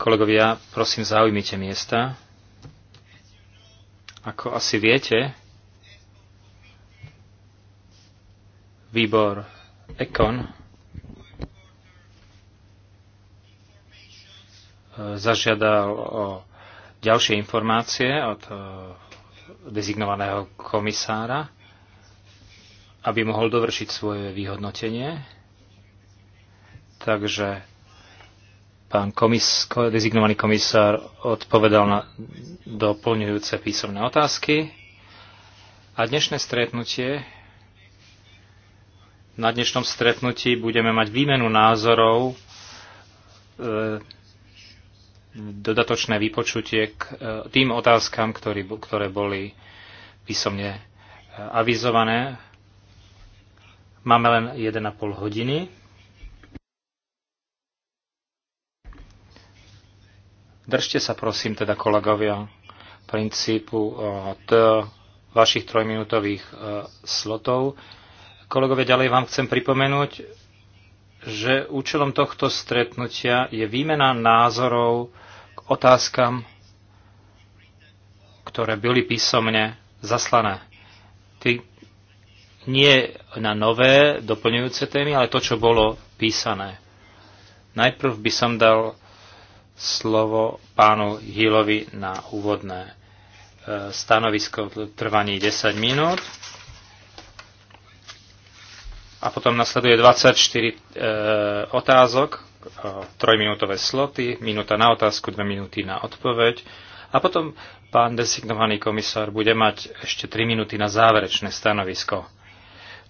Kolegovia, prosím, zaujmite miesta. Ako asi viete, výbor Ekon eh, zažiadal o ďalšie informácie od eh, dezignovaného komisára, aby mohol dovršiť svoje vyhodnotenie Takže pán komis, dezignovaný komisár odpovedal na doplňujúce písomné otázky. A dnešné stretnutie, na dnešnom stretnutí budeme mať výmenu názorov, e, dodatočné vypočutie k e, tým otázkam, ktorý, ktoré boli písomne e, avizované. Máme len 1,5 hodiny. Držte sa prosím teda kolegovia princípu od eh, vašich trojminútových eh, slotov. Kolegovia, ďalej vám chcem pripomenúť, že účelom tohto stretnutia je výmena názorov k otázkam, ktoré boli písomne zaslané. Ty nie na nové doplňujúce témy, ale to, čo bolo písané. Najprv by som dal slovo pánu Hillovi na úvodné e, stanovisko trvaní 10 minút. A potom nasleduje 24 e, otázok, e, trojminútové sloty, minúta na otázku, dve minúty na odpoveď. A potom pán designovaný komisár bude mať ešte 3 minúty na záverečné stanovisko.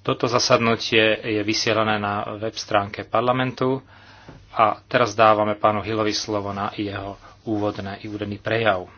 Toto zasadnutie je vysielané na web stránke parlamentu a teraz dávame pánu Hillovi slovo na jeho úvodné, úvodný prejav.